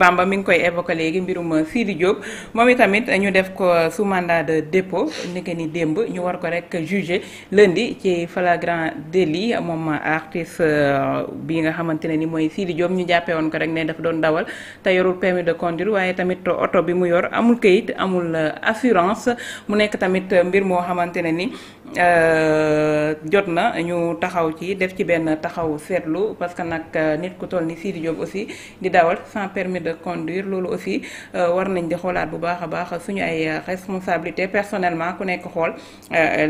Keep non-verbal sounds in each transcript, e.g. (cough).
Bamba mi ngi koy évoqué léegi mbirum Sidi euh, Diop moom itamit ñu def ko euh, sous mandat de dépôt nekk ni démb ñu war ko rek jugé lundi ci flagrant délit moom artiste euh, bi nga xamante ne ni mooy Sidi Diop ñu jàppee woon ko rek ne dafa doon dawal te yorul permis de conduire waaye tamit oto bi mu yor amul kayit amul assurance mu nekk tamit mbir moo xamante ne ni. Euh, jot na ñu taxaw ci def ci benn taxaw seetlu parce que nag euh, nit ku toll ni Sidi Diop aussi di dawal san permis de conduire loolu aussi euh, war nañ di xoolaat bu baax a baax suñu ay responsabilité personnellement ku nekk xool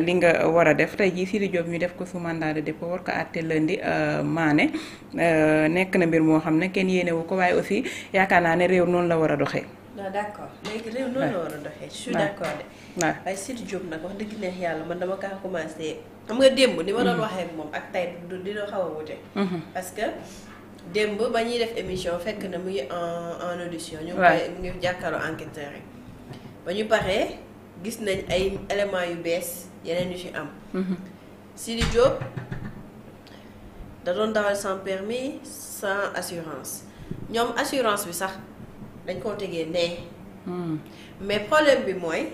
li nga war a def tey jii Sidi Diop ñu def ko su mandat de ko war ko àtte lundi maane nekk na mbir moo xam ne kenn yéenewu ko waaye aussi yaakaar naa ne réew noonu la war a doxe ah, d'accord léegi réew noonu la war a doxee. je suis waaw waaye Sidy Diop nag wax dëgg neex yàlla man dama kaa commencé xam nga démb ni ma doon mhm. waxee moom ak tey du dina xaw a wute mhm. parce que démb ba ñuy def émission fekk na mu ngi en audition ñu koy mu ngi jàkkaarloo enquêteurs yi ba ñu paree gis nañ ay éléments yu bees yeneen yu ci am mhm. Sidy Diop da doon dawal sans permis sans assurance ñoom assurance bi sax dañ koo tegee nee hmm. mais problème bi mooy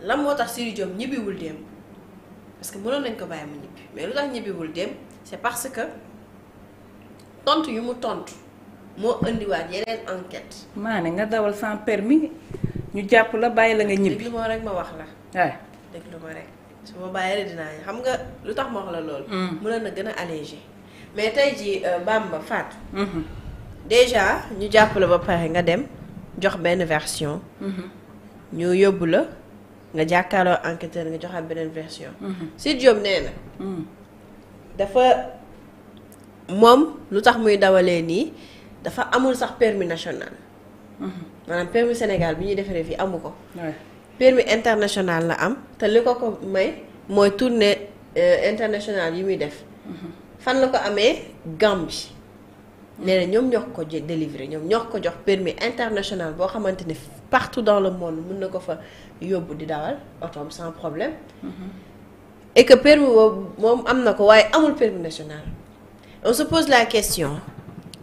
lan moo tax Sidi Diop ñibbiwul dem parce que mënoon nañ ko bàyyi mu ñibbi mais lu tax ñibbiwul dem c'est parce que tontu yu mu tontu moo indiwaat yeneen enquête. maane nga dawal san permis ñu jàpp la bàyyi la nga ñibbi. déglu rek ma wax la. waaw déglu rek su ma bàyyi la dinaa nga lu tax ma wax la loolu. mënoon mm. na gën a allégé mais tey jii euh, Bamba Fatou. Mm-hmm. déjà ñu jàpp la ba pare nga dem jox benn version. Mm-hmm. ñu yóbbu la. nga jàkkaarloo enquêteur nga joxaat beneen version. Mhm. Sidi Diop nee na. Mhm. dafa moom lu tax muy dawalee nii dafa amul sax permis national. Mhm. maanaam permis Sénégal bi ñuy defaree fii amu ko. permis international la am te li ko ko may mooy tournée euh, internationale yi muy def. fan la ko amee Gambie. nee na ñoom ñoo ko délivré ñoom ñoo ko jox permis international boo xamante ne. partout dans le monde mën na ko fa yóbbu di dawal otoom sans problème mhm. et que permis boobu moom am na ko waaye amul permis national on se pose la question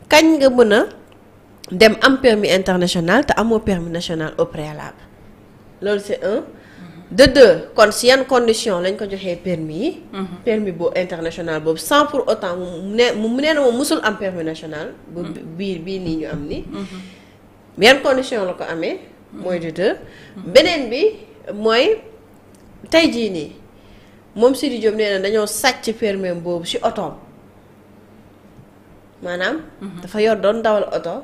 kañ nga mën a dem am permis international te amoo permis national au loolu c'est un mhm. de deux kon si yan condition lañ ko joxee permis yi mhm. permis boo international boobu sans pour autant mu ne moom musul am permis national bu biir bii nii ñu am ni yan condition la ko amee mooy de deux. beneen bi mooy tey jii nii moom Sidi Diop nee na dañoo sàcc permis boobu ci otoom maanaam. Mhm. dafa yor doon dawal oto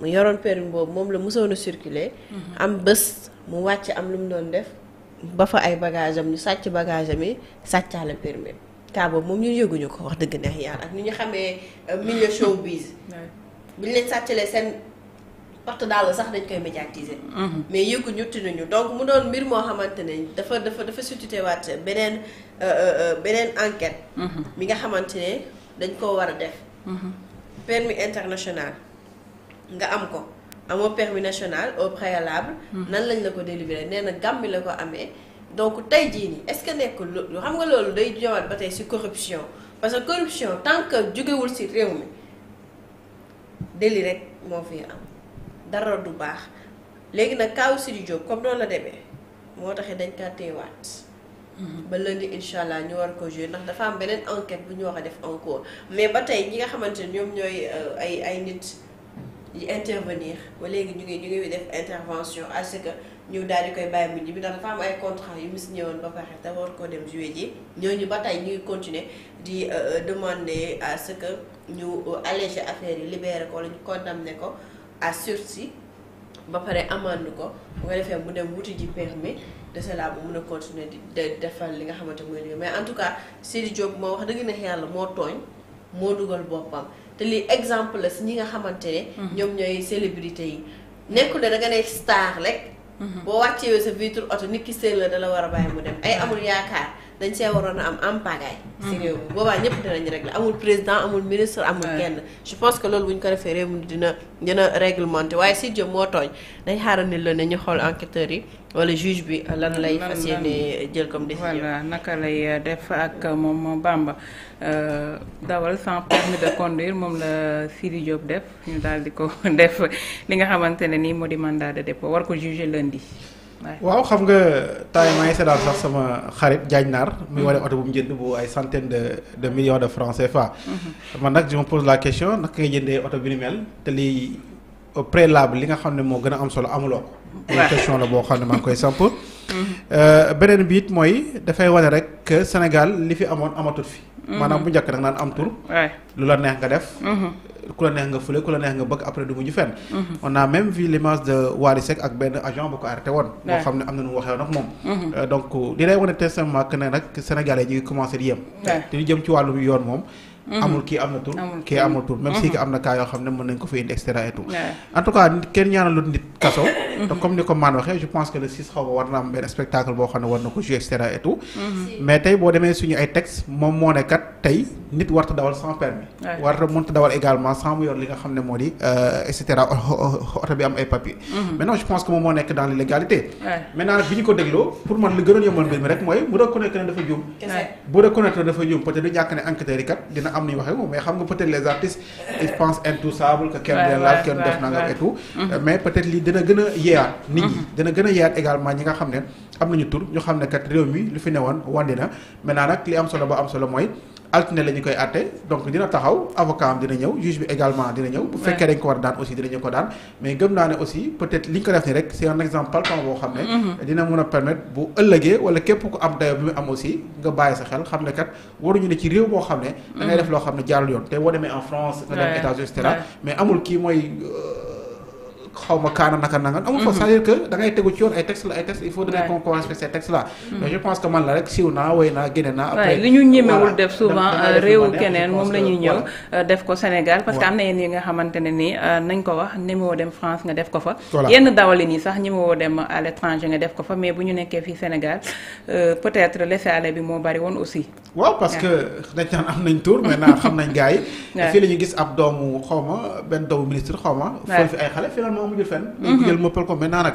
mu yoroon permis boobu moom la mosoon a circuler. Mhm. am bës mu wàcc am lu mu doon def. ba fa ay bagage ñu sàcc bagage am yi sàccaale permis kaa moom ñu yëguñu ko wax dëgg neex yàlla ak ni ñu xamee euh, milieu showbiz. buñ leen sàccalee seen parce que daal sax dañ koy médiatiser. Mhm. mais yëgu ñutti nañu donc mu doon mbir moo xamante ne dafa dafa dafa suscité waat beneen euh, euh, euh, beneen enquête. Mhm. mi nga xamante ne dañ koo war a def. Mhm. permis international nga am ko amoo permi national au préalable. nan lañ la ko délivrer nee na Gàmbi la ko amee. donc tey jii nii est-ce que nekkul lu xam nga loolu day jëwaat ba tey ci corruption parce que corruption tant que jógewul si réew mi délit rek moo fi am. dara du baax léegi nag kaaw Sidi Diop comme noonu la demee moo tax dañ kaa téewaat mhm. ba lundi incha allah ñu war ko joué ndax dafa am beneen enquête bu ñu war a def en cours mais ba tey ñi nga xamante ne ñoom ñooy euh, ay ay nit yi intervenir ba léegi ñu ngi ñu ngi def intervention à ce que ñu daal di koy bàyyi mu ñibbi ndax dafa am ay contrat yu mis ñëwoon ba pare te war koo dem joué ji ñooñu ba tey ñu ngi continuer di euh, demande à ce que ñu euh, alléger affaire yi libéré ko wala ñu condamné ko. à sursis ba pare amande ko bu ko defee mu dem wuti ji permis de cela bu mun a continuer di defal li nga xamante mooy liggéey mais en tout cas Sidi Diop moo wax dëgg na yàlla moo tooñ moo dugal boppam te lii exemple la si ñi nga xamante ne. Mhm. ñoom ñooy célébrité yi nekkul ne da nga nekk star rek. Mhm. boo wàccee sa vitre oto nit ki seen la dala war a bàyyi mu dem ay amul yaakaar. dañ see waroon a am empagaay boobaa ñëpp dinañ régler amul président amul ministre amul kenn je pense que loolu bu ko defee réew mi dina dina réglementé waaye si jëm moo tooñ dañ xaaral ni la ne ñu xool enquêteurs yi wala juge bi lan lay fas yéene jël comme décision voilà naka lay def ak moom Bamba euh, dawal sans de conduire moom la Sidi Diop def ñu daal di ko (laughs) def li nga xamante ne nii moo di mandaa de dépôt war ko juger lundi waaw xam nga taay may seetaan sax sama xarit Diagne Naar muy mm-hmm. wane oto bu mu jënd bu ay centaine de de millions de francais CFA. Mm-hmm. ma nag je pose la question nag ngay jëndee oto bi ni mel te lii au préalable li nga xam ne moo gën a am solo amuloo ko. waaw question la boo xam ne maa ngi koy samp. Mm-hmm. Euh, beneen bi it mooy dafay wane rek que Sénégal li fi amoon amatul fi. maanaam bu njëkk da naan am tur. lu la neex nga def. ku la neex nga fule ku la neex nga bëgg après du mujj fenn. Mhm. on a même vu l'image de Wally ak benn agent bu ko arrêté woon. boo xam ne am na nu mu waxee woon ak moom. Mhm. Euh, donc li lay wane tey seulement ne nag Sénégalais yi ñu ngi di yem. te ñu jëm ci wàllu yoon moom. Mhm. amul kii am na tur kii amul tur même si que am na cas yoo xam ne mën nañ ko fi indi et cetera et tout en tout cas kenn ñaanalut nit kaso te comme ni ko maan waxee je pense que le 6 xaw ma war na ne war na ko jouer mais tey boo demee suñu ay texte moom moo ne kat tey nit warta dawal sans permis warta mënta dawal également sans mu li nga xam ne moo di euh, et cetera oto bi am ay papier mhm. maintenant je pense que moom nekk dans l'illégalité maintenant bi ñu ko dégloo pour man li gënoon yombal mbir mi rek mooy mu reconnaître ne dafa juum bu reconnaître ne dafa juum peut être du ñàkk ne enquêteurs yi kat dina am nañu waxee moom mais xam nga peut les artistes ils pensent intouchables que kenn dina laal kenn def nangam et tout mhm. euh, mais peut être lii dana gën a yeeyaat nit ñi mhm. dina gën a yeeyaat également ñi nga xam ne am nañu tur ñu xam ne kat réew mi lu fi newoon wandi na maintenant nag li am solo ba am solo mooy altine la ñu koy àtte donc dina taxaw avocat am dina ñëw juge bi également dina ñëw. bu fekkee dañ ko war a daan aussi dinañu ko daan mais gëm naa ne aussi peut-être li ñu ko def nii rek c'est un exemple palpable boo xam ne. Mm-hmm. dina mën a permettre bu ëllëgee wala képp ku am dayo bi mu am aussi nga bàyyi sa xel xam ne kat waruñu ne ci réew boo xam ne. Mm-hmm. da def loo xam ne jaarul yoon te boo demee en France. nga dem États-Unis et cetera mais amul kii mooy. Euh, xaw ma kaana naka nangan amul fa cest dire que da tegu ci yoon ay texte la ay texte il hmm. mais je pense que man la rek siiw naa woy naa génne naa après li ñu ñemewul def souvent euh, réewu keneen moom la ñëw euh, def ko Sénégal parce que am na yenn yi nga xamante ne nii euh, nañ ko wax ñemewoo dem France nga def ko fa yenn dawalin yi sax ñemewoo dem à l'étranger nga def ko bu ñu nekkee fii Sénégal peut-être laisser-aller bi moo bari woon aussi waaw parce que am nañ tour maintenant xam nañ gars (laughs) fii la ñu gis ab doomu xaw ma benn doomu ministre xaw foofu ay xale finalement moo mm-hmm. ma jël moppal ko maintenant nag.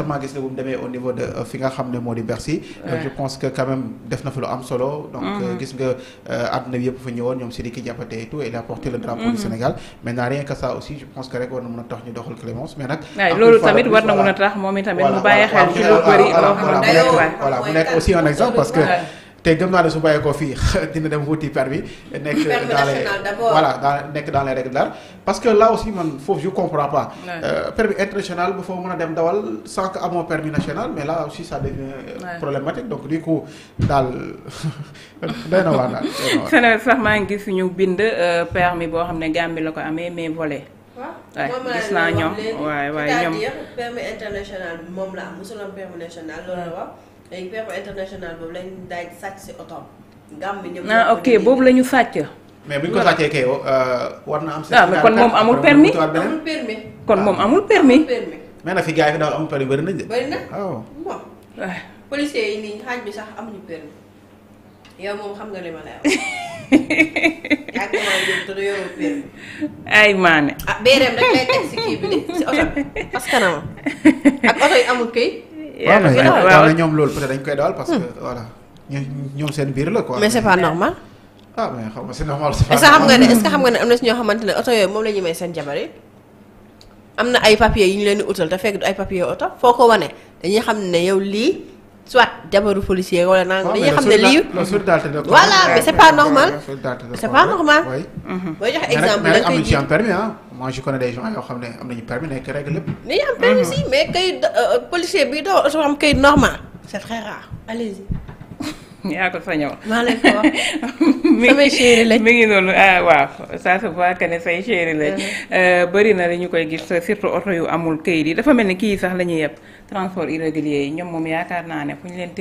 ma gis nga bu mu demee au niveau de euh, fi nga xam ne moo di Bercy. je pense que quand def na fa lu am solo. donc mm-hmm. euh, gis nga euh, àdduna bi yëpp fa ñëwoon ñoom Sidiki Diabaté et tout il a porté le drapeau du mm-hmm. Sénégal maintenant rien que ça aussi je pense que rek war na mën a tax ñu doxal Clémence mais nag. loolu tamit war na mën a tax moom itamit mu bàyyi xel ci lu bëri loo xam ne voilà mu nekk aussi un exemple parce que. te gëm naa ne su bàyyeekoo fii (laughs) dina dem wuti permis nekk dans les voilà dans nekk dans les règles parce que là aussi man foofu je comprends pas euh, permis international bu foo mën a dem dawal sans que amoo permis national mais là aussi ça devient euh, problématique donc du coup daal (laughs) day na waar daal feneen sax maa ngi gis ñu bind euh, permis boo xam ne Gambie la ko amee mais volé waaw gis naa ñoom waaye waaye ñoom permis international loolu léegi peepu international boobu daaj sàcc si otoom. gàmm bi ñëpp ah boobu la ñu sàcc. mais buñ ko sàccee kay euh, war na am. certificat ah, mais kon moom amul permis amul permis kon moom ah. amul permis mais na fi gars yi dafa amul permis bëri nañ de. bëri na oh. ah. yi nii xaaj bi sax amuñu permis yow moom xam nga li ma lay wax. ak (laughs) ay maane. ah béeréem rek lay teg si kii bi de si oto bi (laughs) parce que na ma ak oto yi amul kay. waaw mais ñoom loolu peut-être dañ koy dawal parce que mm. voilà ñoom seen biir la quoi. mais ah, am na si ñoo xamante yooyu moom la may seen jabar yi am na ay papiers yu ñu leen utal te fekk du ay papiers oto foo ko wane dañuy xam ne yow lii soit jabaru policier wala nangam ah, dañuy xam ne lii. voilà mais c'est pas normal. c'est pas normal. Mhm. booy joxe exemple da nga koy ji moi je connais des gens yoo xam ne am nekk rek lépp. dañuy am permis ah, si mais kayit euh, euh, policier bi daw soo am kayit normal. c' est très rare allez-y. (laughs) yaa ko fa ñëw. maa leen ko wax samay chéri lañ. mi ngi noonu ah, waaw ça se voit que ne say chéri lañ. Uh-huh. Euh, bëri na dañu koy gis surtout oto yu amul kayit yi dafa mel ni kii sax la ñuy transport irrégulier yi ñoom moom yaakaar naa ne fu ñu leen